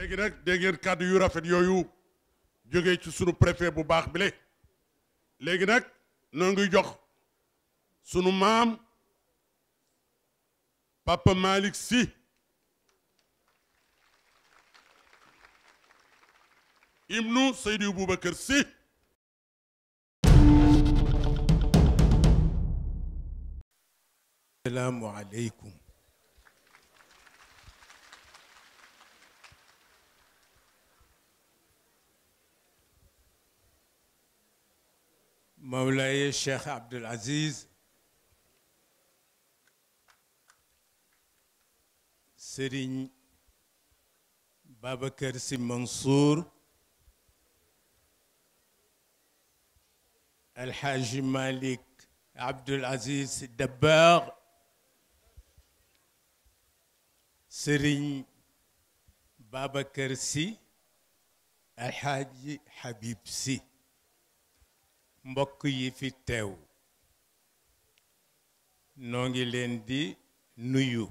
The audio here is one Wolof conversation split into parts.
léegi nag dégg ngeen kàddu yu rafet yooyu jógee ci sunu préfet bu baax bile léegi nag noo ngi jox sunu maam Papa Malick Sy ibnu Seydou Boubacar Sy salaamu aleykum Mawlaye Cheikh Abdul Aziz Serigne Babacar Sy Mansour El Hadji Malick Abdul Aziz Sy Dabakh Serigne Babacar Sy El Hadji Habib Sy mbokk yi fi teew noo leen di nuyu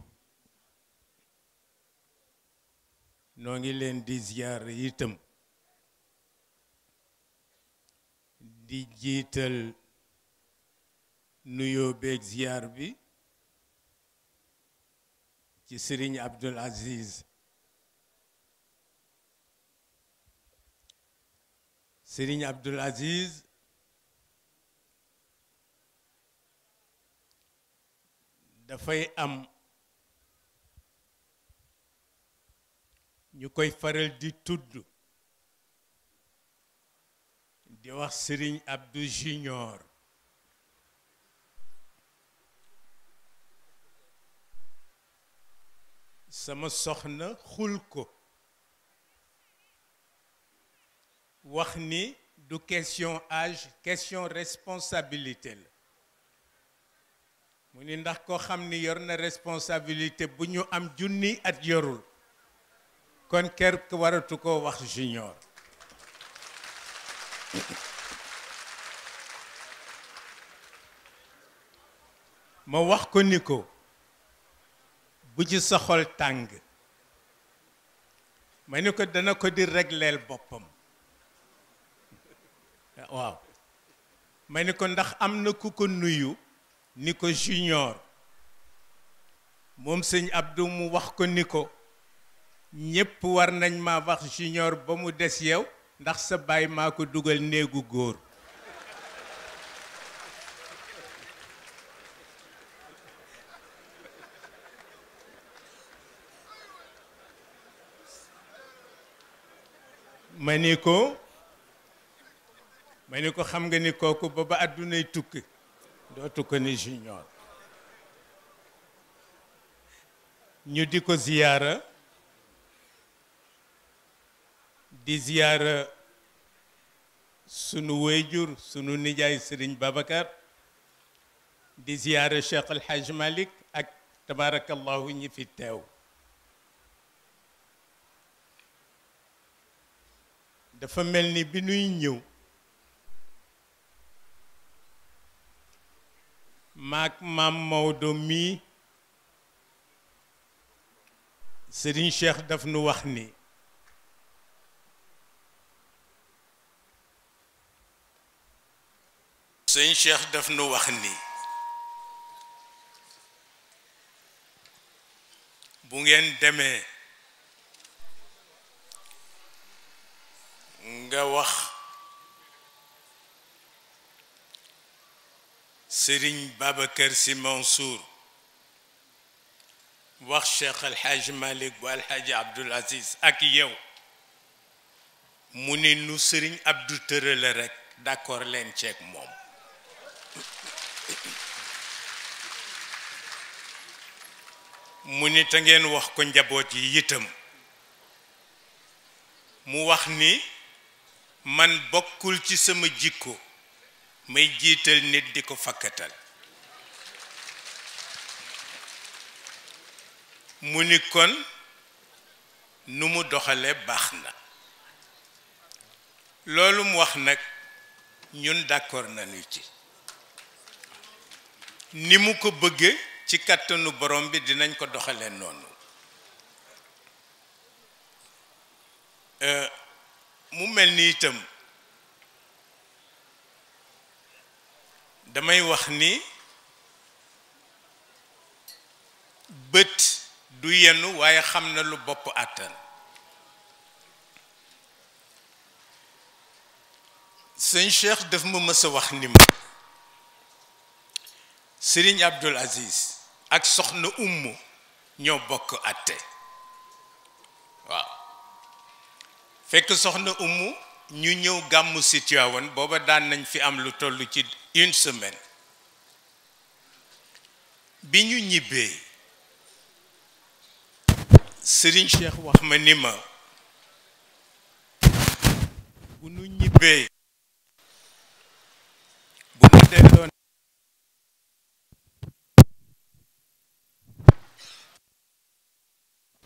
noo ngi leen di ziyaar itam di jiital nuyoo beeg ziyaar bi ci Sëriñ Abdul Aziz Sëriñ Abdul Aziz dafay am ñu koy faral di tudd di wax sëriñ Abdou Junior sama soxna xul ko wax ni du question âge question responsabilité la mu ni ndax koo xam ni yor na responsabilité bu ñu am junni at yorul kon ker waratu koo wax junior ma wax ko ni ko bu ci sa xol tàng ma ni ko dana ko di regleel boppam waaw ma ni ko ndax am na ku ko nuyu ni ko junior moom sëñ Abdou mu wax ko ni ko ñépp war nañ ma wax junior ba mu des yow ndax sa baay maa ko dugal néegu góor ma ni ko ma ni ko xam nga ni kooku ba ba àddunay tukki dootu ko ni junior ñu di ko ziyaara di ziyaara sunu wéyjur sunu nijaay sëriñ Babacar di ziyaara Cheikh El Hadj Malick ak tabarakallahu ñi fi teew dafa mel ni bi nuy ñëw maag maam Maodo mii Serigne Cheikh daf nu wax ni Serigne Cheikh daf nu wax ni bu ngeen demee nga wax sëriñ Babacar Sy Mansour wax Cheikh El Hadj Malick bu El Aziz ak yow mu ne nu Serigne Abdou tërale rek d'accord leen ceeg moom mu ni te ngeen wax ko njaboot yi itam mu wax ni man bokkul ci sama jikko may jiital nit di ko fakkatal mu ni kon nu mu doxale baax na loolu mu wax nag ñun d'accord nañu ci ni mu ko bëggee ci kàttanu borom bi dinañ ko doxalee noonu euh, mu mel ni itam damay wax ni bët du yenu waaye xam na lu bopp àttan sëñ Cheikh daf ma mës a wax ni ma Sëriñ Abdul Aziz ak soxna Ummu ñoo bokk àtte waaw fekk soxna Ummu ñu ñëw gàmmu si booba daan nañ fi am lu toll ci une semaine bi ñu ñibbee Serigne Cheikh wax ma ni ma bu ñu ñibbee bu ñu delloon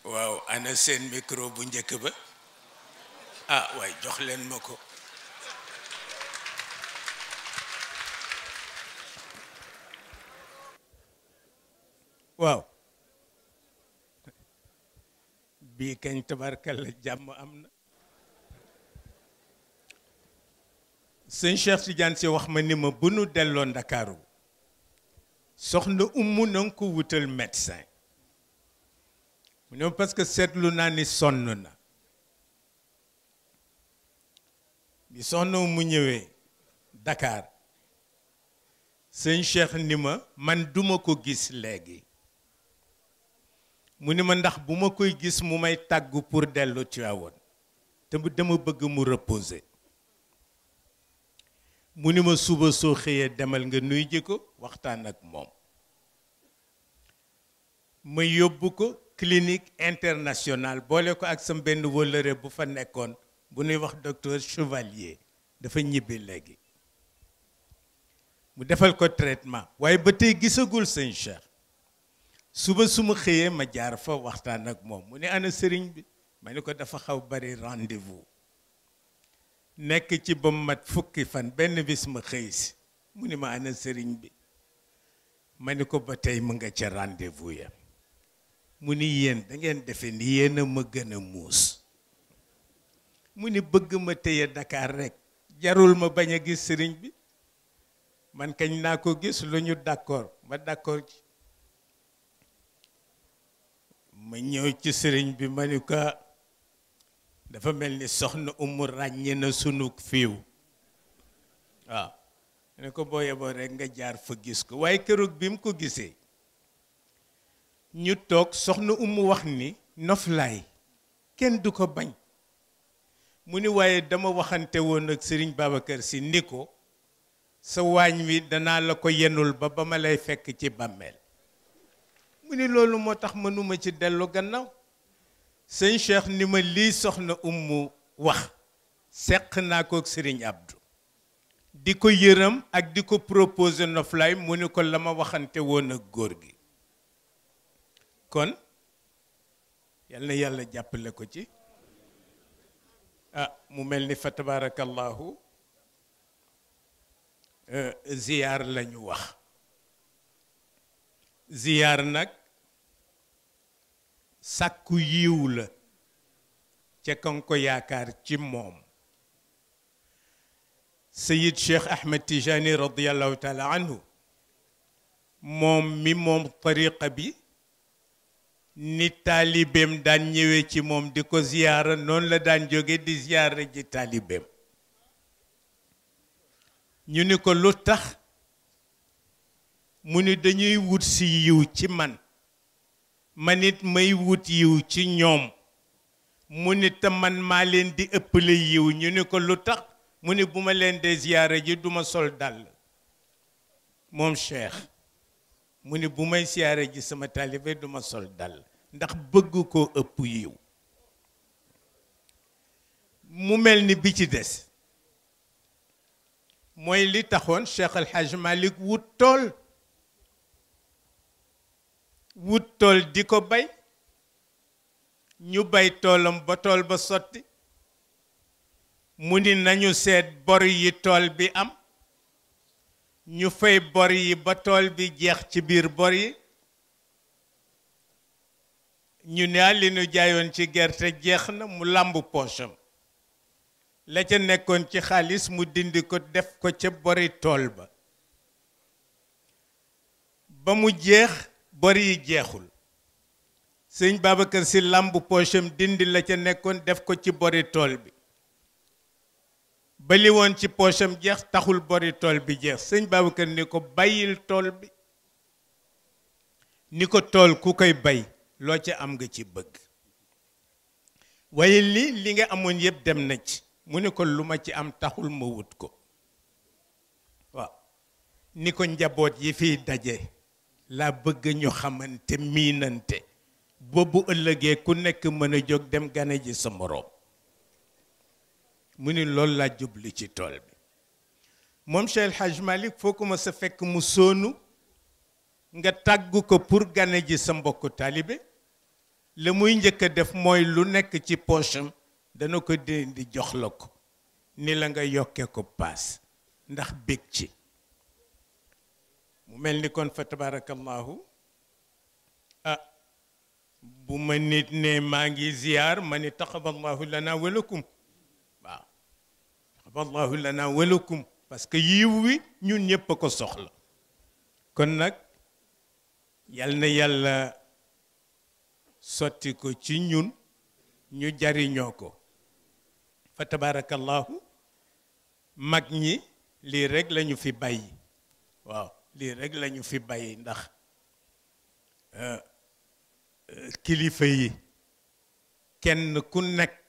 waaw ana seen micro bu njëkk ba ah waay jox leen ma ko waaw bii kañ tabarkalla jàmm am na sëñ Cheikh Tidiane si wax ma ni ma bu nu delloo Ndakaaru soxna ummu na nga ko wutal médecin mu ne parce que seetlu naa ni sonn na bi soxna mu ñëwee dakaar sëñ Cheikh ni ma man duma ko gis léegi mu ni ma ndax bu ma koy gis mu may tàggu pour dellu Tiwaawoon te bu dama bëgg mu reposer mu ni ma suba soo xëyee demal nga nuy ji ko waxtaan ak moom ma yóbbu ko clinique internationale boole ko ak sam benn wëllëre bu fa nekkoon bu nuy wax docteur Chevalier dafa ñibbi léegi mu defal ko traitement waaye ba tey gisagul sëñ Cheikh suba su ma xëyee ma jaar fa waxtaan ak moom mu ne ana sëriñ bi ma ni ko dafa xaw bari rendez-vous nekk ci ba mat fukki fan benn bis ma xëy si mu ni ma ana sëriñ bi ma ni ko ba tey mu nga ca rendez ya mu ni yéen dangeen defe ni yéen a ma gën a muus mu ni bëgg ma téye Dakar rek jarul ma bañ a gis sëriñ bi man kañ naa ko gis lu ñu d'accord ma d'accord ci ma ñëw ci sëriñ bi ma ni ko dafa mel ni soxna umu ràññe na sunu fiiw waaw ne ko boo yeboo rek nga jaar fa gis ko waaye këroog bi mu ko gisee ñu toog soxna umu wax ni noflaay kenn du ko bañ mu ni waaye dama waxante woon ak sëriñ kër si ni ko sa waañ wi danaa la ko yenul ba ba ma lay fekk ci bàmmeel mu ni loolu moo tax mënuma ci dellu gannaaw sëñ Cheikh ni ma lii soxna ummu wax seq naa ko ak sëriñ Abdou di ko yërëm ak di ko propose noflaay mu ne ko la ma waxante woon ak góor gi kon yal na yàlla jàppale ko ci ah mu mel ni fa tabarakallahu eh, ziyaar lañu wax ziyaar nag sàkku yiw la ca kan ko yaakaar ci moom sayid cheikh ahmed tijani radiallahu taala anhu moom mi moom tariqa bi ni taalibeem daan ñëwee ci moom di ko ziyaara noon la daan jóge di ziyaara ji taalibeem ñu ni ko lu tax mu ni dañuy wut si yiw ci man man it may wut yiw ci ñoom mu ni te man maa leen di ëppale yiw ñu ni ko lu tax mu ni bu ma leen dee ziyaara ji duma sol dàll moom cheikh mu ni bu may ziyaara ji sama taalibe duma sol dàll ndax bëgg koo ëpp yiw mu mel ni bi ci des mooy li taxoon Cheikh El Hadj wut tool wut tool di ko bay ñu bay toolam ba tool ba sotti mu ni nañu seet bor yi tool bi am ñu fay bor yi ba tool bi jeex ci biir bor yi ñu ne li nu jaayoon ci gerte jeex na mu làmb poosam la ca nekkoon ci xaalis mu dindi ko def ko ca bori tool ba ba mu jeex bor yi jeexul sëñ Babacar si làmb poosam dindi la ca nekkoon def ko ci bori tool bi ba ci poosam jeex taxul bori tool bi jeex sëñ Babacar ni ko bàyyil tool bi ni ko tool ku koy bay loo ca am nga ci bëgg waaye li li nga amoon yëpp dem na ci mu ne ko lu ma ci am taxul ma wut ko waaw ni ko njaboot yi fiy daje laa bëgg ñu xamante miinante boobu ëllëgee ku nekk mën a jóg dem gane ji sa moroom mu ni loolu laa jubli ci tool bi moom Cheikh El Hadj foo ko ma sa fekk mu soonu nga tàgg ko pour gane ji sa mbokku taalibe la muy njëkk def mooy lu nekk ci poosam dana ko déndi jox la ko ni la nga yokkee ko paas ndax bég ci mu mel ni kon fa tabarakallahu ah bu ma nit ne maa ngi ziyaar ma ni taxaballahu lana walakum waaw taxaballahu lana walakum parce que yiw wi ñun ñëpp a ko soxla kon nag yal na yàlla sotti ko ci ñun ñu jariñoo ko fa tabarakallahu mag ñi lii rek lañu fi bàyyi waaw lii rek lañu fi bàyyi ndax euh, euh, kilifa yi kenn ku nekk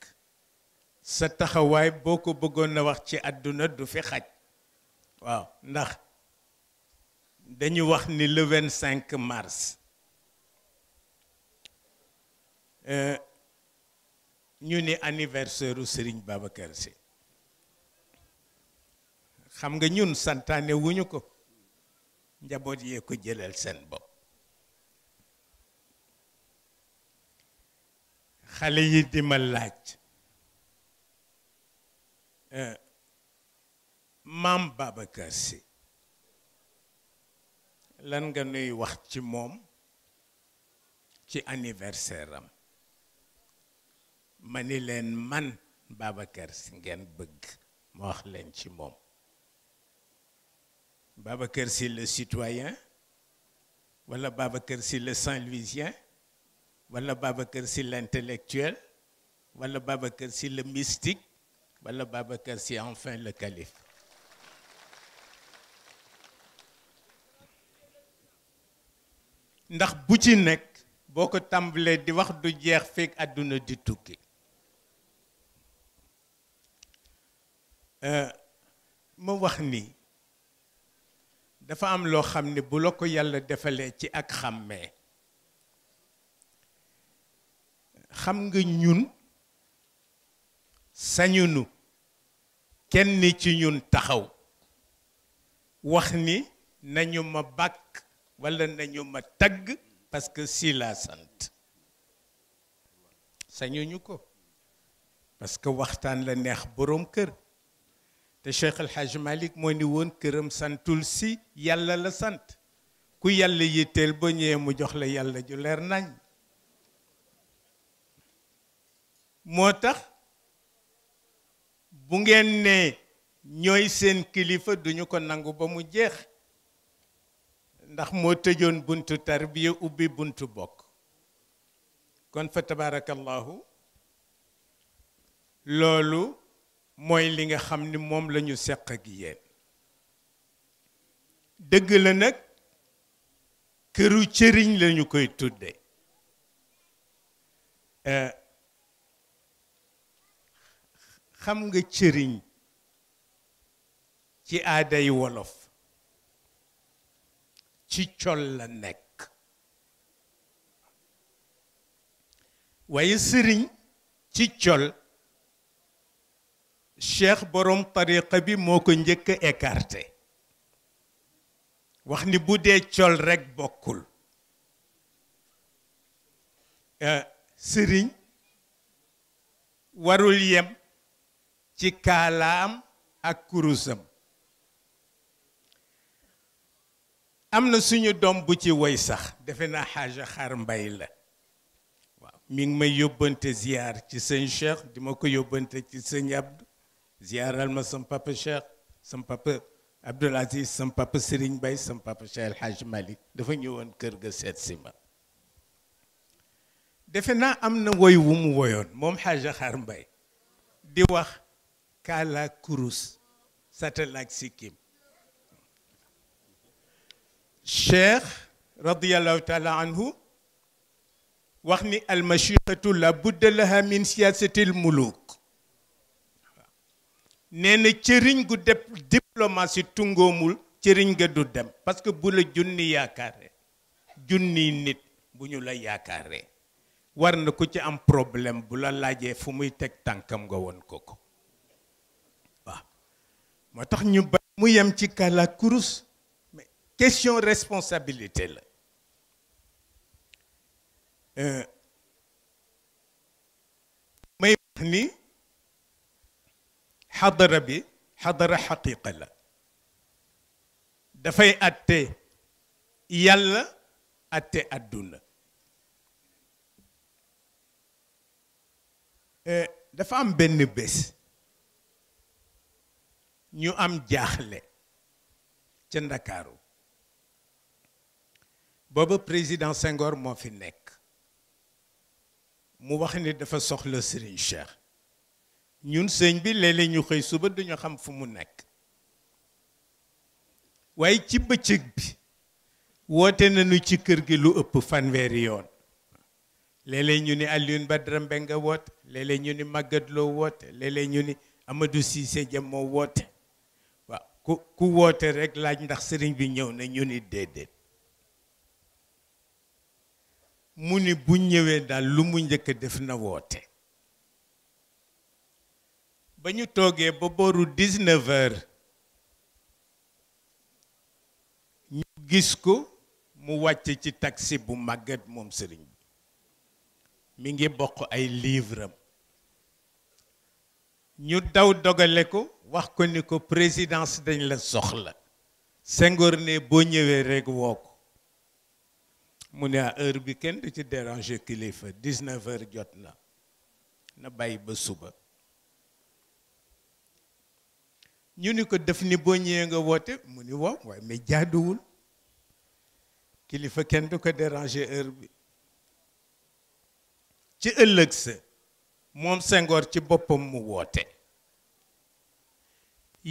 sa taxawaay boo ko bëggoon a wax ci àdduna du fi xaj waaw ndax dañu wax ni le cinq mars euh, ñu ni anniversaire sëriñ Serigne Babacar Sy xam nga ñun santaane wuñu ko njaboot yee ko jëlal seen bopp xale yi di ma laaj euh, maam Babacar lan nga nuy wax ci moom ci anniversaire ma ni leen man Babacar Sy ngeen bëgg ma wax leen ci moom Babacar Sy le citoyen wala Babacar Sy le Saint-Louisien wala Babacar Sy l'intellectuel wala Babacar Sy le mystique wala Babacar Sy enfin le calife ndax bu ci nekk boo ko tàmbalee di wax du jeex fekk àdduna di tukki euh, ma wax ni dafa am loo xam ne bu la ko yàlla defalee ci ak xàmmee xam nga ñun sañunu kenn ci ñun taxaw wax ni nañu ma bàkk walla nañu ma tagg parce que si laa sant sañuñu ko parce que waxtaan la neex boroom kër te Cheikh El Hadj moo ni woon këram santul si yàlla la sant ku yàlla yitteel ba ñëwee mu jox la yàlla ju leer nañ moo tax bu ngeen nee ñooy seen kilifa duñu ko nangu ba mu jeex ndax moo tëjoon buntu tarbiya ubbi buntu bokk kon fa tabarakallahu loolu mooy li nga xam ni moom lañu ñu seq ak yéen dëgg la nag këru cëriñ lañu koy tudde euh, xam nga cëriñ ci aaday wolof ci col la nekk waaye sëriñ ci col cheikh borom tariqa bi moo ko njëkk a wax ni bu dee col rekk bokkul euh, sëriñ warul yem ci kaalaam ak kurusam am na suñu doom bu ci woy sax defe na xaaja xaar mbay la waaw mi ngi may yóbbante ziyaar ci sëñ cheikh di ma ko yóbbante ci sëñ abdu ziyaaral ma sama papa Cheikh sama papa Aziz sama papa Serigne Baye sama papa Cheikh El Hadj Malick ñëwoon kër ga seet si ma am na woy wu moom Hadj Xaar Mbaye di wax kaala kurus satalaak sikkim cheikh radiallahu taala anhu wax ni almashiqatu la budda laha min siyaasati almuluk nee na cëriñ gu def diplomatie tungoomul cëriñ ga du dem parce que bu la junni yaakaare junni nit bu ñu la yaakaaree war na ku ci am problème bu la laajee fu muy teg tànkam nga woon ko ko waaw moo tax ñu ba mu yem ci kala kurus mais question responsabilité la euh, may xadara bi xadara xaqiqa la dafay atte yàlla atte àdduna euh, dafa am benn bés ñu am jaaxle ca Ndakaaru booba président Senghor moo fi nekk mu wax ni dafa soxla Serigne Cheikh ñun sëñ bi léeg-léeg ñu xëy suba duñu xam fu mu nekk waaye ci bëccëg bi woote nañu ci kër gi lu ëpp fanweeri yoon léeg ñu ni Alioune Badara Mbengue woote léeg ñu ni Maguette Lo woote léeg ñu ni Amadou Cissé Dia woote waaw ku ku woote rekk laaj ndax sëriñ bi ñëw na ñu ni déedéet mu ni bu ñëwee daal lu mu njëkk def na woote ba ñu toogee ba booru 19 ñu gis ko mu wàcc ci taxi bu màggat moom sëriñ bi mi ngi bokk ay livre ñu daw dogale ko wax ko ni ko présidence dañ la soxla Senghor ne boo ñëwee rek woo ko mu ne à ah, heure bi kenn du ci déranger kilifa 19 jot na na bàyyi ba suba ñu ni ko def ni boo ñëwee nga woote mu ni waaw waaye mais jaaduwul kilifa kenn du ko déranger heure bi ci ëllëg sa moom Senghor ci boppam mu woote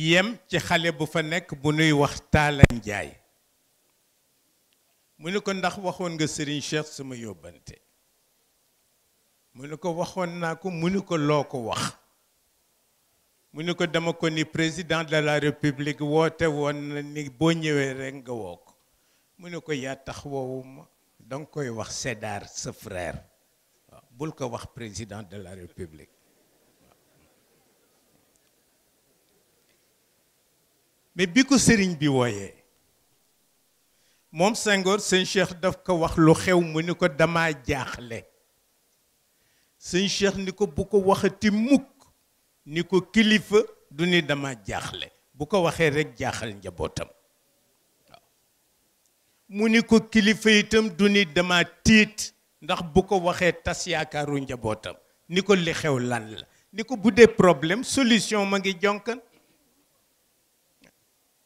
yem ci xale bu fa nekk bu nuy wax Talla Ndiaye mu ni ko ndax waxoon nga Serigne Cheikh sama yóbbante mu ni ko waxoon naa ko mu ni ko loo ko wax mu ne ko dama ko ni président de la république woote woon na ni boo ñëwee rek nga woo ko mu ne ko yaa tax woowu ma danga koy wax Sédar sa frère bul ko wax président de la république mais bi ko sëriñ bi wooyee moom Senghor sëñ daf ko wax lu xew mu ni ko dama jaaxle sëñ Cheikh ni ko bu ko waxati mukk ni ko kilifa du ni dama jaaxle bu ko waxee rekk jaaxal njabootam mu ni ko kilifa itam du ni dama tiit ndax bu ko waxee tas yaakaaru njabootam ni ko li lan la ni ko bu dee problème solution ma ngi jonkan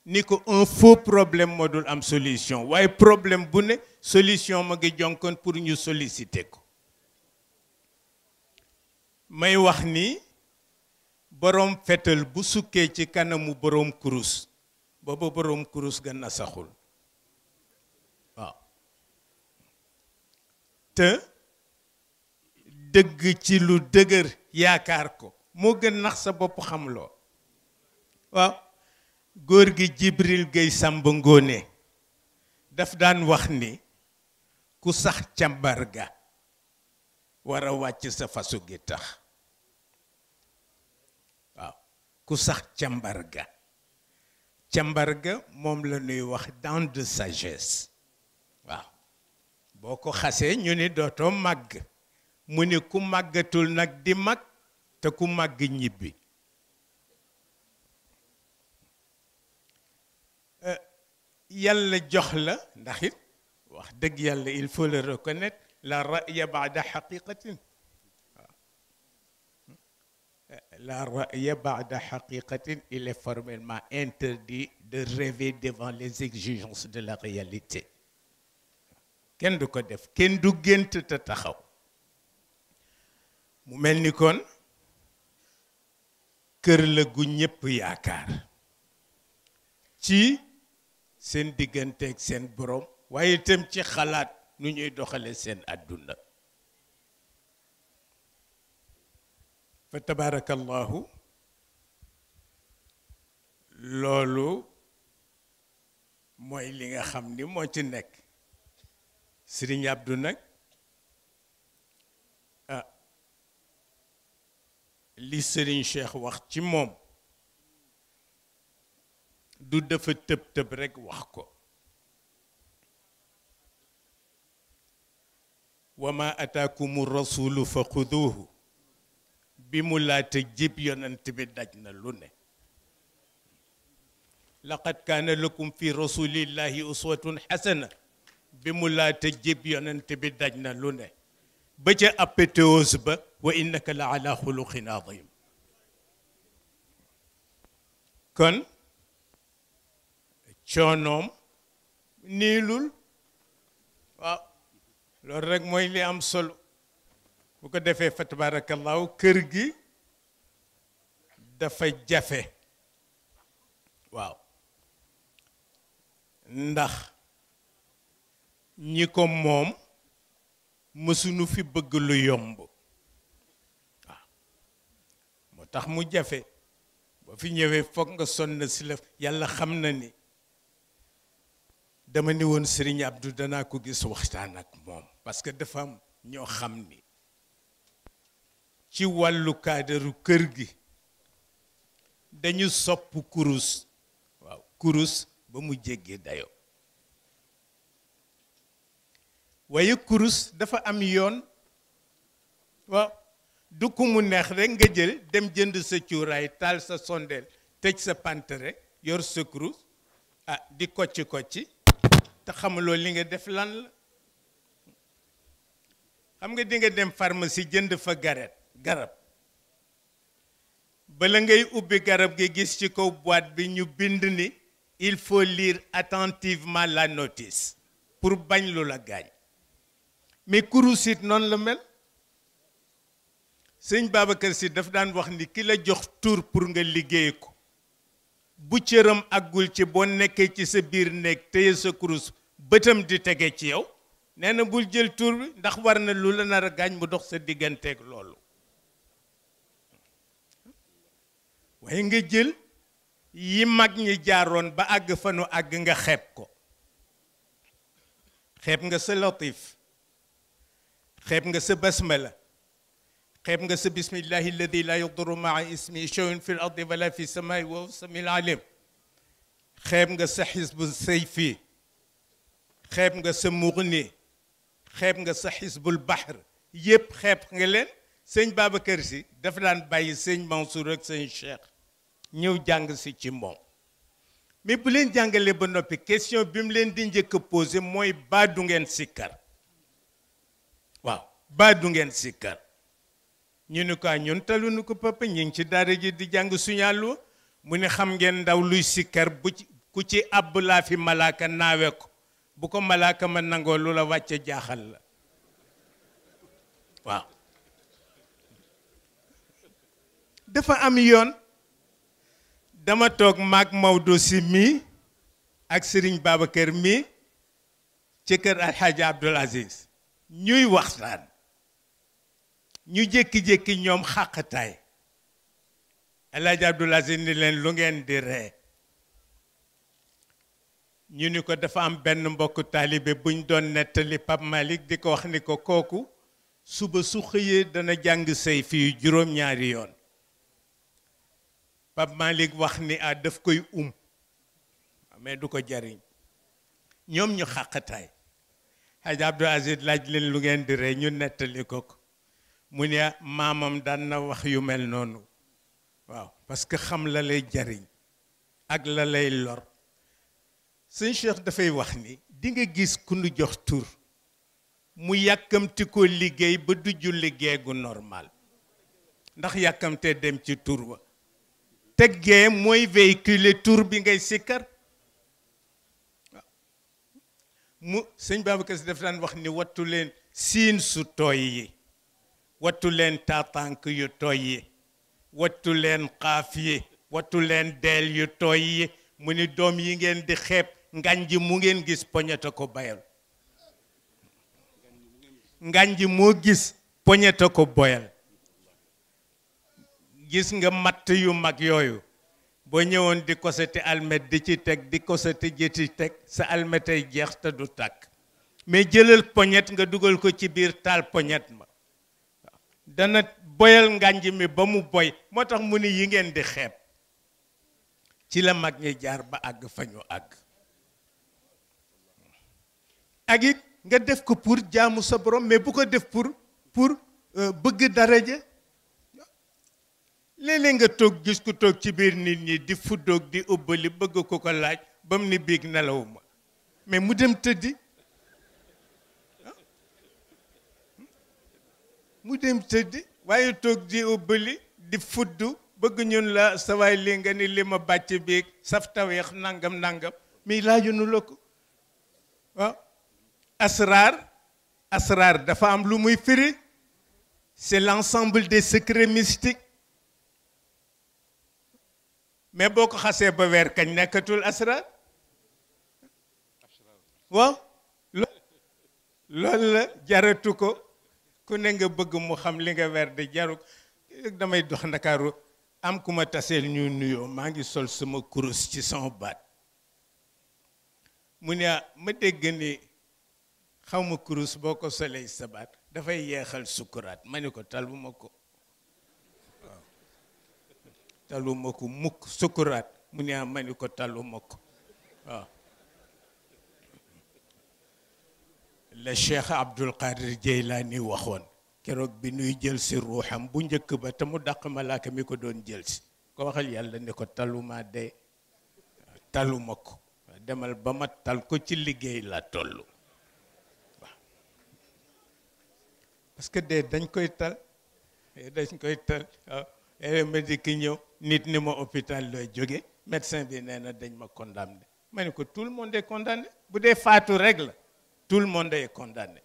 ni ko un faux problème moo dul am solution waaye problème bu ne solution ma ngi jonkan pour ñu solliciter ko may wax ni boroom fetal bu sukkee ci kanamu boroom kurus booba boroom kurus gën saxul waaw te dëgg ci lu dëgër yaakaar ko moo gën nax sa bopp xamloo waaw góor gi Jibril Gay sàmb Ngoone daf daan wax ni ku sax càmbar ga wara wàcc sa fasu gi tax ku sax càmbar ga moom la ñuy wax dent de sagesse waaw boo ko xasee ñu ni dootoo màgg mu ni ku màggatul nag di mag te ku màgg ñibbi euh, yàlla jox la ndax wax dëgg yàlla il faut le reconnaître la raya baada xaqiqatin la raya ba'da haqiqatin il est formellement interdit de rêver devant les exigences de la réalité kenn du ko def kenn du gént te taxaw mu mel ni kon kër la gu ñépp yaakaar ci seen digganteeg seen boroom waaye itam ci xalaat nu ñuy doxale seen àdduna fa tabaarakallaahu loolu mooy li nga xam ni moo ci nekk sëriñ Abdu nag ah, li sëriñ Cheikh wax ci moom du dafa tëb tëb rekk wax ko wa ma ataakumu rasuulu fa xuduuhu bi mu laata jib yonent bi daj na lu ne laqad kaana lakum fi rasulillahi uswatun xasana bi mu laata jib yonent bi daj lu ne ba ca apétéose ba wa la ala xuluqin azim kon niilul waaw loolu rek mooy li am solo bu ko defee fa kër gi dafa jafe waaw ndax ñi ko moom mësunu fi bëgg lu yomb waaw moo tax mu jafe ba fi ñëwee foog nga sonn si la yàlla xam na ni dama ni woon Serigne Abdou danaa ko gis waxtaan ak moom parce que dafa am ñoo xam ni ci wàllu kaadaru kër gi dañu sopp kurus waaw kurus ba mu jéggi dayoo waaye kurus dafa am yoon waaw du mu neex rekk nga jël dem jënd sa cuuraay taal sa sondeel tëj sa pantere yor sa kurus ah di kocci kocci te xamuloo li nga def lan la xam nga di nga dem pharmacie jënd fa garet garab bala ngay ubbi garab gi gis ci kaw boîte bi ñu bind ni il faut liir attentivement la notice pour bañ lu la gaañ mais kurusit noonu la mel sëñ Babacar Si daf daan wax ni ki la jox tur pour nga liggéey ko bu cëram àggul ci boo nekkee ci sa biir néeg téye sa kurus bëtam di tege ci yow nee na bul jël tur bi ndax war na lu la nar a gaañ mu dox sa digganteek lool waaye nga jël yi mag ñi jaaroon ba àgg fa nu àgg nga xeeb ko xeeb nga sa latif xeeb nga sa basmala xeeb nga sa bismillahi alladi la yuduru maa ismi shayun fi l ardi wala fi samai wa samil alim xeeb nga sa xisbu sayfi xeeb nga sa mugni xeeb nga sa xisbul bahr yépp xep nga leen sëñ Babacar Si daf daan bay sëñ Mansour ak sëñ ñëw jàng si ci moom mais bu leen jàngalee ba noppi question bi mu leen di njëkk a posé mooy baa du ngeen sikkar waaw baa du ngeen sikkar ñu ni ko ah, ñun taluñu ko papa ñu ngi ci daara ji di jàng suñu àllu mu ne xam ngeen ndaw luy sikkar bu ku ci àbb laa fi malaaka naawe ko bu ko malaaka ma nangoo lu la wàcce jaaxal la waaw dafa am yoon dama toog maag Maodo si mii ak Serigne Babacar mii ci kër Alxaaji Abdul Aziz ñuy waxtaan ñu jékki-jékki ñoom xàqtaay Alxaaji Abdul Aziz ni leen lu ngeen di ree ñu ni ko dafa am benn mbokku taalibe buñ doon nettali Pape Malick di ko wax ni ko kooku suba su xëyee dana jàng sëy fii juróom-ñaari yoon Pape Malick wax ni ah daf koy um ah, mais du ko jariñ ñoom ñu xàqataay Hadj Abdou Aziz laaj leen lu ngeen di rey ñu nettali ko mu ne ah, maamam daan na wax yu mel noonu waaw parce que xam la lay jariñ ak la lay lor sëñ Cheikh dafay wax ni di nga gis ku jox tur mu yàkkamti ko liggéey ba du julli geegu normal ndax yàkkamtee dem ci tur wa teggee mooy véhiculer tur bi ngay sikkar mu sëñ Babacar Si daf daan wax ni wattu leen siin su tooy yi wattu leen taatank yu tooy yi wattu leen xaaf yi wattu leen deel yu tooy yi mu ni doom yi ngeen di xeeb ngañ mu ngeen gis poñeta ko bayal ngañ moo gis poñeta ko boyal gis nga matt yu mag yooyu boo ñëwoon di koseti almet di ci teg di koseti ji ci teg sa almet ay jeex te du tàkk mais jëlal poñet nga dugal ko ci biir taal poñet ma dana boyal ngànj mi ba mu boy moo tax mu ni yi ngeen di xeeb ci la mag ñi jaar ba àgg fa ñu àgg ak it nga def ko pour jaamu sa borom mais bu ko def pour pour euh, bëgg daraja léeg-léeg nga toog gis ku toog ci biir nit ñi di fuddoog di ubbali bëgg ko ko laaj ba mu ni biig nelaw ma mais mu dem tëddi mu dem tëddi waaye toog di ubbali di fudd bëgg ñun la sawaay li nga ni li ma bàcc biig saf taweex nangam nangam mais laajunu la ko waaw ah, asraar asraar dafa am lu muy firi c'est l'ensemble des secrets mystiques mais boo ko xasee ba weer kañ nekkatul asrar waaw loolu la jaratu ko ku ne nga bëgg mu xam li nga weer di jaru damay dox ndakaaru am ku ma taseel ñu nuyoo maa ngi sol sama kurus ci sama baat mu ne ah, ma dégg ni xaw ma kurus boo ko solee sa baat dafay yéexal sukuraat ma ne ko tal bu ma ko taluma ko mukk sukuraat mu ne ma ni ko taluma ko waaw la cheikh abdul qadir jeylaani waxoon keroog bi nuy jël si ruuxam bu njëkk ba te mu dàq malaaka mi ko doon jël si ko waxal yàlla ni ko taluma de taluma ko demal ba ma tal ko ci liggéey la tollu parce que de dañ koy tal dañ koy tal waaw ma dikk ñëw nit ni ma hôpital looy jóge médecin bi nee na dañ ma condamné ma ni ko tout le monde est bu dee faatu rek la tout le monde est condamné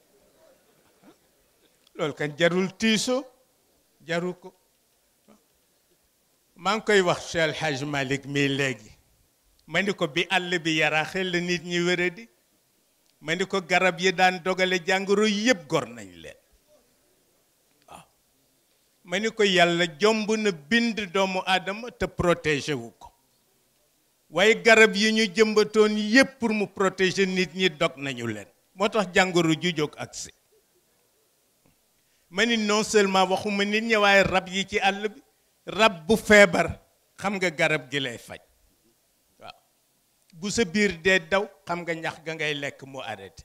loolu kan jarul tiiso jaru ko maa ngi koy wax Cheikh El Hadj Malick mii léegi ma ni ko bi àll bi yaraaxee la nit ñi wéradi ma ni ko garab yi daan dogale jàngoro yëpp gor nañ la ma ni ko yàlla jomb na bind doomu aadama te protégé wu ko waaye garab yi ñu jëmbatoon yépp pour mu protéger nit ñi dog nañu leen moo tax jàngoro ju jóg agsi ma ni non seulement waxuma nit ñi waaye rab yi ci àll bi rab bu feebar xam nga garab gi lay faj waaw bu sa biir dee daw xam nga ñax ga ngay lekk mu arrêté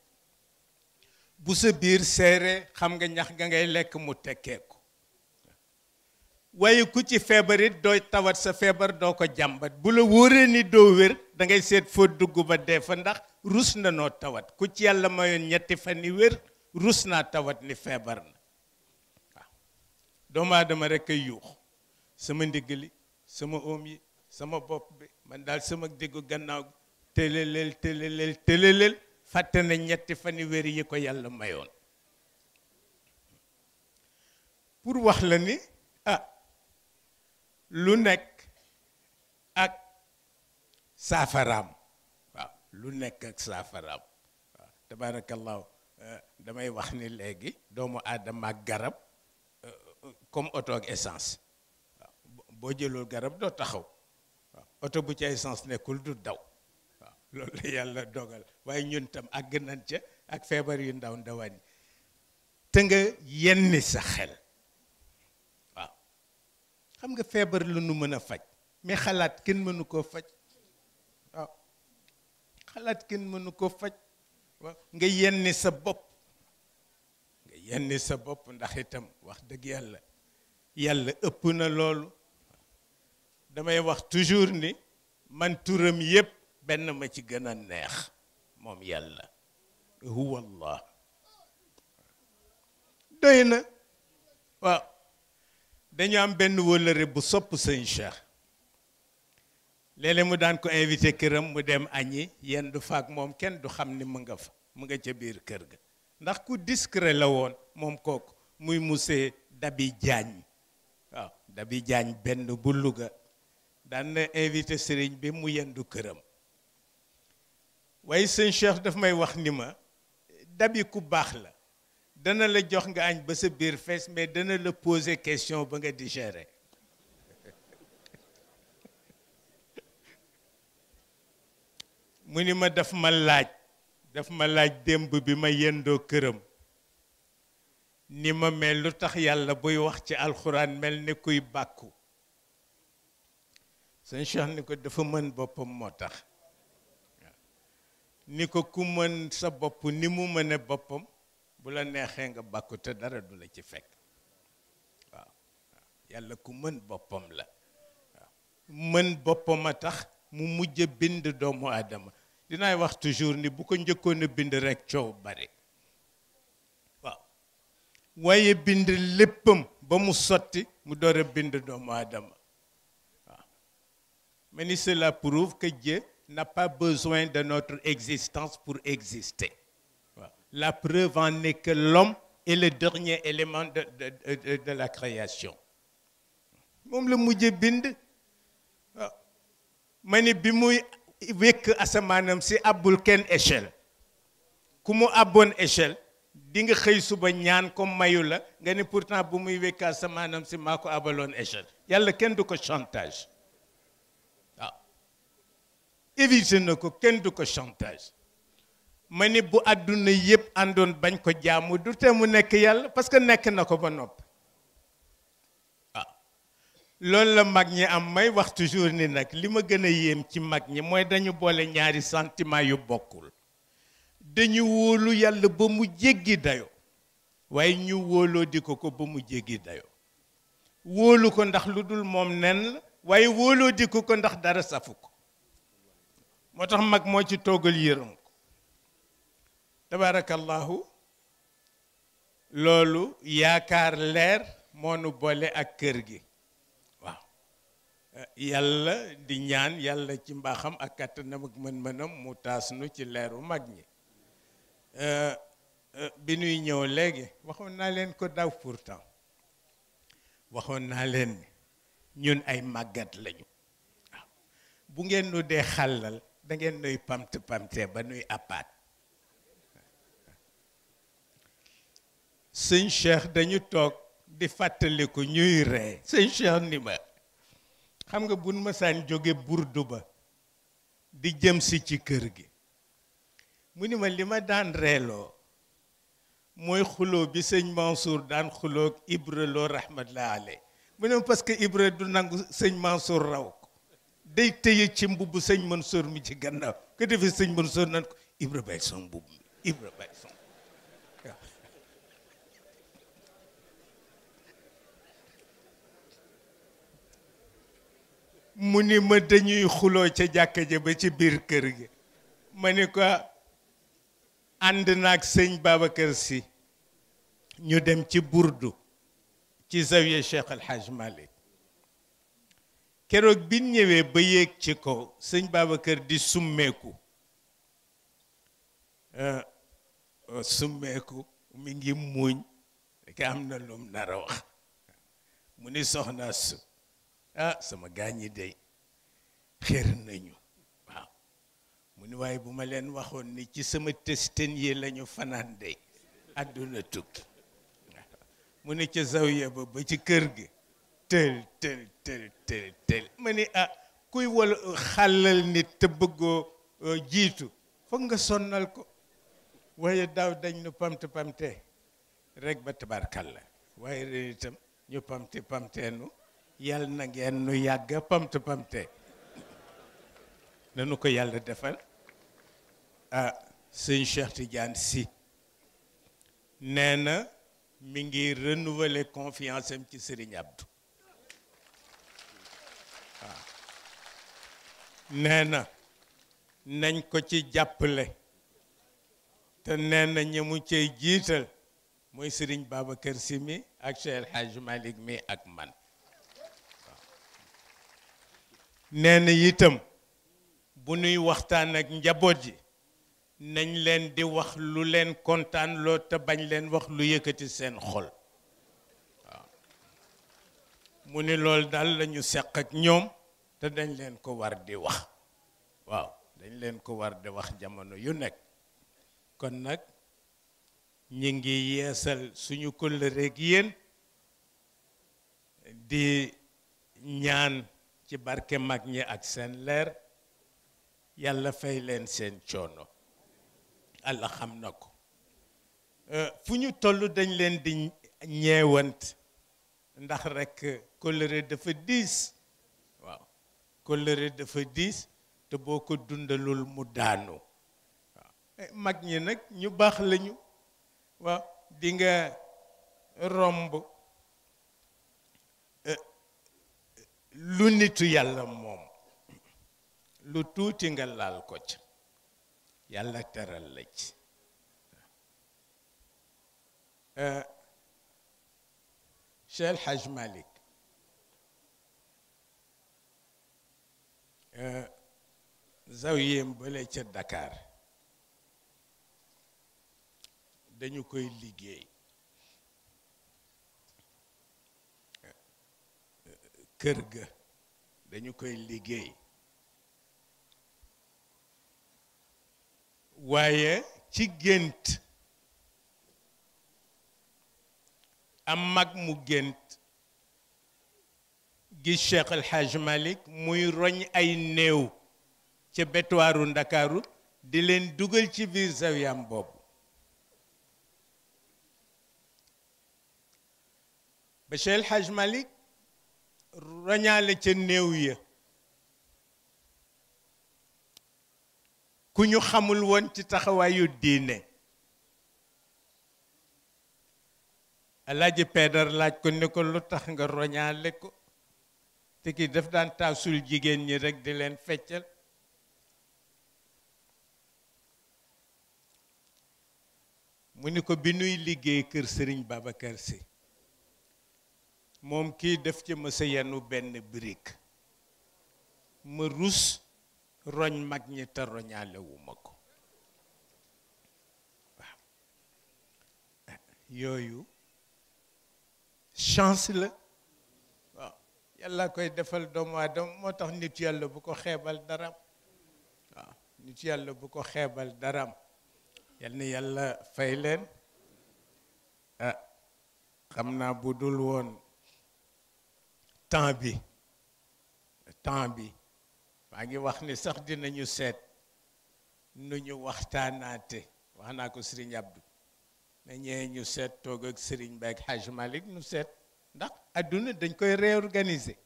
bu sa biir seeree xam nga ñax ga ngay lekk mu tekkee waaye ku ci feebar it doo tawat sa feebar doo ko jàmbat bu la wóoree ni doo wér da ngay seet foo dugg ba dee fa ndax rus na noo tawat ku ci yàlla mayoon ñetti fan ni tawat ni feebar na waaw ay yuux sama ndigg li sama oom sama bopp bi man daal sama diggu gannaaw gi tëlëlël na ñetti fani wér yi ko yàlla mayoon pour wax la ni lu nekk ak saafaraam waaw lu nekk ak saafaraam waaw eh, damay wax ni léegi doomu aadama ak garab eh, comme oto ak essence boo jëlul garab doo taxaw waaw oto bu ci essence nekkul du daw loolu yàlla dogal waaye ñun tam àgg nañ ca ak feebar yu ndaw ndawaan yi te nga yenni sa xel xam nga feebar la nu mën a faj mais xalaat kenn mënu koo faj waaw xalaat kenn mënu koo faj nga yenni sa bopp nga yenni sa bopp ndax itam wax dëgg yàlla yàlla ëpp na loolu damay wax toujours ni man turam yépp benn ma ci gën a neex moom yàlla huwa doy na waaw dañu am benn wëllëre bu sopp sëñ Cheikh léeg-léeg mu daan ko invité këram mu dem añi yenn du faak moom kenn du xam ni mu nga fa mu nga ca biir kër ga ndax ku discret la woon moom kooku muy monsieur Dabi Diagne waaw Dabi Diagne benn bu Louga daan na invité sëriñ bi mu yendu këram waaye sëñ Cheikh daf may wax ni ma dabi ku baax la dana la jox nga añ ba sa biir fees mais dana la poser question ba nga di digérer mu ni ma daf ma laaj daf ma laaj démb bi ma yendoo këram ni ma mel lu tax yàlla buy wax ci alxuraan mel ni kuy bàkku sëñ Cheikh ko dafa mën boppam moo tax ni ko ku mën sa bopp ni mu mëne boppam bu la neexee nga bàkku dara du la ci fekk waaw yàlla ku mën boppam la mën boppam a tax mu mujj bind doomu aadama dinaay wax toujours ni bu ko njëkkoon bind rekk coow bare waaw waaye bind léppam ba mu sotti mu door bind doomu aadama waaw mais ni cela prouve que Dieu n'a pas besoin de notre existence pour exister La preuve en est que l'homme le dernier élément de de de, la création. moom la mujjee bind waaw ah. bi muy wékk asamaanam si abul kenn échel ku mu àbboon échel di nga xëy suba ñaan ko mayu la nga ni pourtant bu muy wékk asamaanam si maa ko abaloon échelle yàlla kenn du ko chantage waaw ah. éviter na ko kenn du ko chantage ma ni bu àdduna yépp àndoon bañ ko jaamu du te mu nekk yàlla parce que nekk na ko ba noppi waaw ah. loolu la mag ñi am may wax toujours ni nag li ma gën a yéem ci mag ñi mooy dañu boole ñaari sentiment yu bokkul dañu wóolu yàlla ba mu jéggi dayo waaye ñu wóoloo di ko ko ba mu jéggi dayoo wóolu ko ndax lu dul moom nen la waaye wóoloo di ko ko ndax dara safu ko moo tax mag moo ci toogal yërëm tabarakallahu loolu yaakaar leer moo nu boole ak kër gi waaw yàlla di ñaan yàlla ci mbaaxam ak kàttanam ak mën-mënam mu taas nu ci leeru mag ñi euh, euh, bi nuy ñëw léegi waxoon naa leen ko daw pourtant waxoon naa leen ñun ay màggat lañu waaw bu ngeen nu dee xàllal dangeen ngeen nuy pamt pamte ba nuy appaat sëñ Cheikh dañu toog di fàttali ko ñuy ree sëñ Cheikh ni ma xam nga buñ masaan jóge burdu ba di jëm si ci kër gi mu ni ma li ma daan reeloo mooy xuloo bi sëñ Mansour daan xuloog Ibra loo rahmatullah aley mu ne ma parce que Ibra du nangu sëñ Mansour raw ko day tëye ci mbubb sëñ Mansour mi ci gannaaw ko defee sëñ Mansour nan ko Ibra bay son mbubb mi Ibra bay son mu ni ma dañuy xuloo ca jàkka ja ba ci biir kër gi ma ni ko ànd naag sëñ Babacar Sy ñu dem ci burdu ci zawiya Cheikh Al Hadj keroog bi ñëwee ba yéeg ci kaw sëñ Babacar di summeeku euh, summeeku mi ngi muuñ daka am na lum nar wax mu ni soxna su ah sama gaa ñi day xér nañu waaw mu ni waaye bu ma leen waxoon ni ci sama tësten yi lañu fanaan day àdduna tukki mu ne ca sawyeb ba ci kër gi tël tël tël tël tël ma ni ah kuy wala xàllal nit te bëggoo eh, jiitu foog nga sonnal ko waaye daw dañ nu pamte pamte rek ba tabarkal la waaye ren itam ñu pamte pamteenu yal na ngeen nu yàgg pamte pamte nanu ko yàlla defal ah sëñ Cheikh Tidiane si nee na mi ngi renouveler confiance ci sëriñ Abdou waaw na nañ ko ci jàppale te nee na ñi jiital mooy Serigne Babacar Sy mi ak Cheikh El Hadj mi ak man nee itam bu nuy waxtaan ak njaboot ji nañ leen di wax lu leen kontaan loo te bañ leen wax lu yëkkati seen xol waaw mu ni lool daal lañu seq ak ñoom te dañ leen ko war di wax waaw dañ leen ko war di wax jamono yu nekk kon nag ñi ngi yeesal suñu kóllëreeg yéen di ñaan ci barke mag ñi ak seen leer yàlla fay leen seen coono allah xam na ko euh, fu ñu toll dañ leen di ñeewant ndax rekk kóllëre dafa diis waaw kóllëre dafa diis te boo ko dundalul mu daanu waaw mag ñi nag ñu baax lañu waaw di romb lu nitu yàlla moom lu tuuti nga laal ko ca yàlla teral la ci euh, Cheikh El Hadj Malick euh, bale ca Dakar dañu koy liggéey kër ga dañu koy liggéey waaye ci gént am mag mu gént gi Cheikh El Hadj Malick muy roñ ay néew ca betuwaaru Ndakaaru di leen dugal ci biir zawiyam boobu ba Cheikh El Hadj Malick rañaale ca néew ya ku ñu xamul woon ci taxawaayu diine alaaji peedar laaj ko ni ko lu tax nga roñaale ko te kii daf daan taasul jigéen ñi rekk di leen feccal mu ni ko bi nuy liggéey kër sëriñ Babacar Si moom kii def ci ma sa yenu benn birig ma rus roñ mag ñi te roñaale wu ma ko waaw yooyu chance la waaw yàlla koy defal doomu aadama moo tax nit yàlla bu ko xeebal daram waaw nit yàlla bu ko xeebal daram yal yàlla fay leen ah xam naa budul woon temps bi temps bi maa ngi wax ni sax dinañu seet nu ñu waxtaanaate wax naa ko Sëriñ Abdou na ñee ñu seet toog ak Sëriñ Mbaye Hadj Malick nu seet ndax àdduna dañ koy réorganiser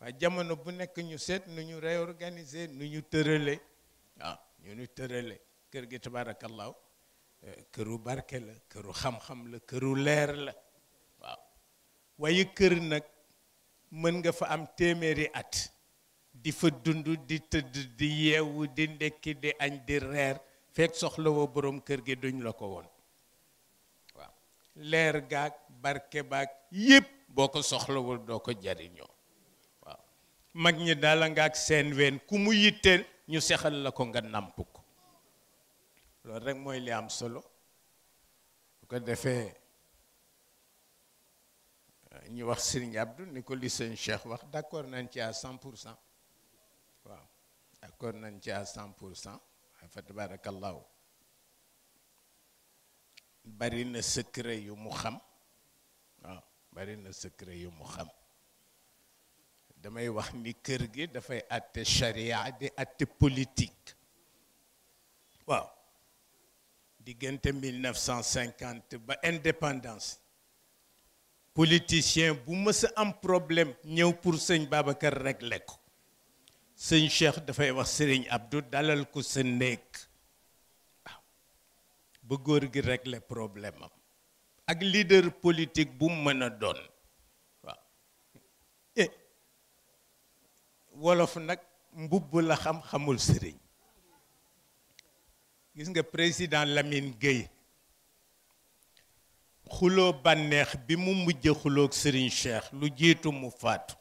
waa jamono bu nekk ñu seet nu ñu réorganiser nu ñu tërale waaw ah, ñu nu tërale kër gi tabaarakallaahu eh, këru barke la këru xam-xam la këru leer la waaw waaye kër nag mën nga fa am téeméeri at di fa dund di tëdd di yeewu di ndekki di añ di reer fekk soxla boroom kër gi duñ la ko woon waaw leer gaag barke baag yépp boo ko soxlawul doo ko jariñoo waaw mag ñi daala nga ak seen ween ku mu yitteel ñu sexal la ko nga nàmp ko loolu rekk mooy li am solo bu ko defee ñu wax Serigne Abdou ni ko li seen Cheikh wax d' accord nañ ci à cent pour cent waaw d' accord nañ ci à cent pour cent fa tabarakallahu bari na secret yu mu waaw bari na secret yu mu xam damay wax ni kër gi dafay àtte charia di àtte politique waaw diggante 1950 ba indépendance politicien bu mës a am problème ñëw pour sëñ Babacar réglé ko sëñ Cheikh dafay wax sëriñ Abdou dalal ko sa néeg ba góor gi réglé problème ak leader politique bu mu mën a doon waaw eh. wolof nag mbubb la xam xamul sëriñ gis nga président lamin Gueye xuloo bànneex bi mu mujj xuloog sëriñ Cheikh lu jiitu mu faatu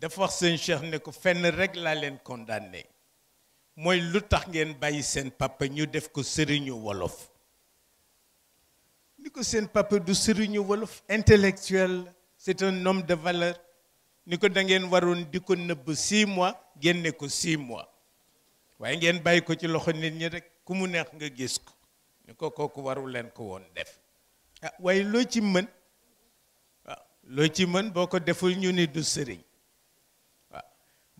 dafa wax sëriñ Cheikh ne ko fenn rek laa leen condamné mooy lu tax ngeen bàyyi seen papa ñu def ko sëriñu wolof ni ko seen papa du sëriñu wolof intellectuel c'est un homme de valeur ni ko dangeen waroon di ko nëbb six mois génne ko six mois waaye ngeen bàyyi ko ci loxo nit ñi rek ku mu neex nga gis ko ni ko kooku waru leen ko woon def Ah, waaye loo ci mën loo ci mën boo ko deful ñu ni du sëriñ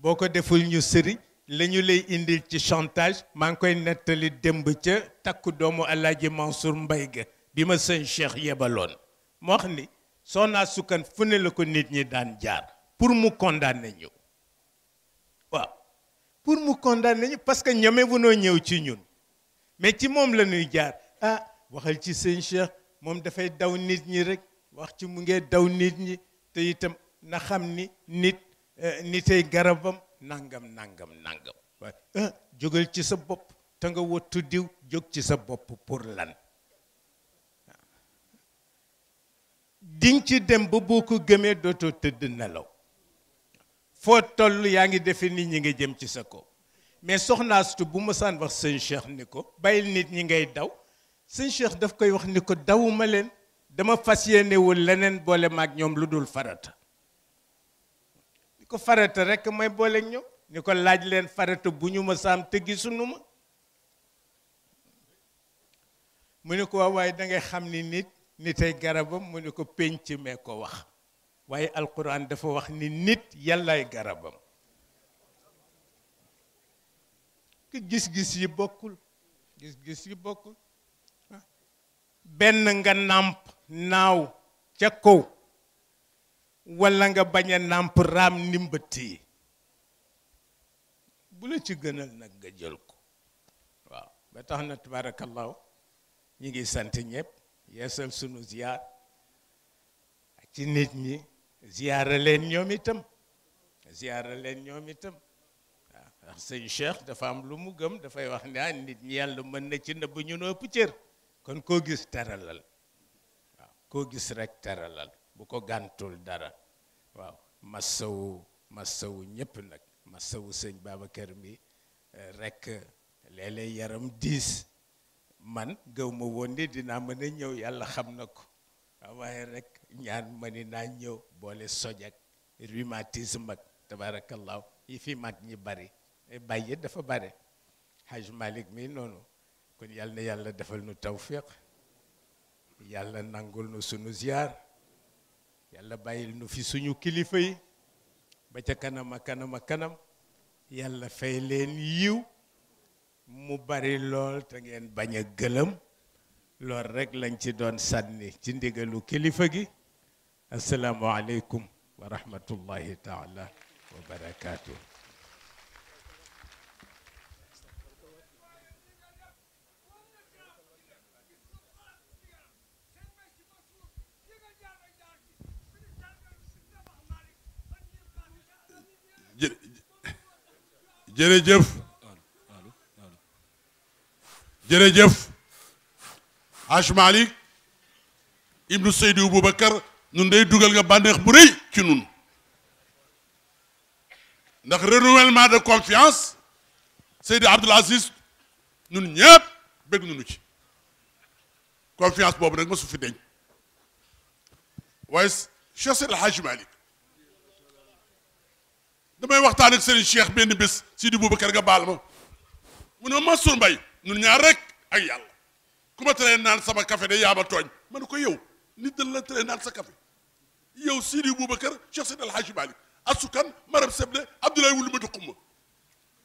boo ko deful ñu sëriñ lañu lay indil ci chantage maa ngi koy nettali démb ca takku doomu Alaaji Mansour Mbaye ga bi ma sëñ Cheikh yebaloon moo wax ni Soxna Sukan fu ne la ko nit ñi daan jaar pour mu condamné ñu waaw pour mu condamné parce que ñeme noo ñëw ci ñun mais ci moom lañuy jaar ah waxal ci sëñ Cheikh moom dafay daw nit ñi rek wax ci mu ngee daw nit ñi te itam na xam ni nit eh, nitay garabam nangam nangam nangam waaye eh, jógal ci sa bopp te nga wattu diw jóg ci sa bopp pour lan diñ ci dem ba boo ko gëmee dootoo tëdd nelaw foo toll yaa ngi defe nit ñi nga jëm ci sa kaw mais soxnaastu bu masaan wax sëñ Cheikh ni ko bàyyil nit ñi ngay daw sëñ Cheikh daf koy wax ni ko dawuma leen dama fas yéenewul leneen boole maag ñoom lu dul farata ko farata rekk may boole ñoom ni ko laaj leen farata bu ñu ma saam te gisunu ma mu ne ko waaw waaye dangay xam ni nit nitay garabam mu ni ko pénc mee ko wax waaye alquran dafa wax ni nit yàllaay garabam ki gis-gis yi bokkul gis-gis yi bokkul benn nga nàmp naaw ca kaw walla nga bañ a nàmp raam ni mbëtt yi bu la ci gënal nag nga jël ko waaw ba tax na tabaarakallaahu ñi ngi sant ñëpp yeesal sunu ziyaar ak ci nit ñi ziyaara leen ñoom itam ziyaara leen ñoom itam waaw ndax sëñ Cheikh dafa am lu mu gëm dafay wax ne ah nit ñi yàlla mën na ci nëbb ñu ëpp cër kon koo gis teralal waaw koo gis rek teralal bu ko gàntul dara waaw masawu masawu ñépp nag masawu sëñ Babacar mi eh, rek léeg-léeg yaram diis man gëw ma woon ni dinaa mën a ñëw yàlla xam na ko waaye rekk ñaan ma ni naa ñëw boole soj ak rhumatisme ak tabaarakallaahu yi fi mag ñi bari eh, bàyyi dafa bare Haj Malik mi noonu kon yàlla na yàlla defal nu tawfiq yàlla nangul nu sunu ziar yàlla bàyyil nu fi suñu kilifa yi ba ca kanam kanama kanam yàlla fay leen yiw mu bari lool te ngeen bañ a gëlëm lool rekk lañ ci doon sànni ci ndigalu kilifa gi asalaamu aleykum wa rahmatullahi taala jërëjëf jërëjëf Haj Malick ibnu Seydou Boubacar nun day dugal nga banneex bu rëy ci nun ndax renouvellement de confiance Seydou Abdoul Aziz nun ñaat bëgg nunu ci confiance boobu nag ma su fi deñ waaye Cheikh Seydou El Hadj Malick damay waxtaan ak Serigne Cheikh benn bés Sidi Boubacar nga baal ma mu ne ma Mansour Mbaye ñun ñaar rek ay yàlla ku ma teree naan sama kafe de yaa ma tooñ ma ne ko yow ni dañ la teree naan sa café yow Sidi Boubacar Cheikh Seydi El Hadji Malick asukan maram sebde Abdoulaye wulu ma duxum ma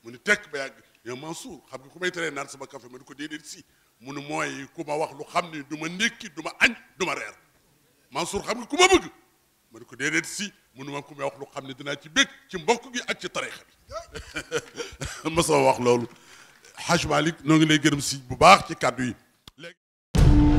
mu ne tekk ba yàgg yow Mansour xam nga ku may teree naan sama kafe ma ne ko déedéet si mu ne mooy ku ma wax lu xam ne du ma ndékki du ma añ du ma reer Mansour xam nga ku ma bëgg ma ne ko déedéet si mënuma ku may wax lu xam ne dinaa ci bég ci mbokk gi ak ci tarixa bi mosoo wax loolu Haj Malick noo ngi lay gërëm si bu baax ci kàddu yi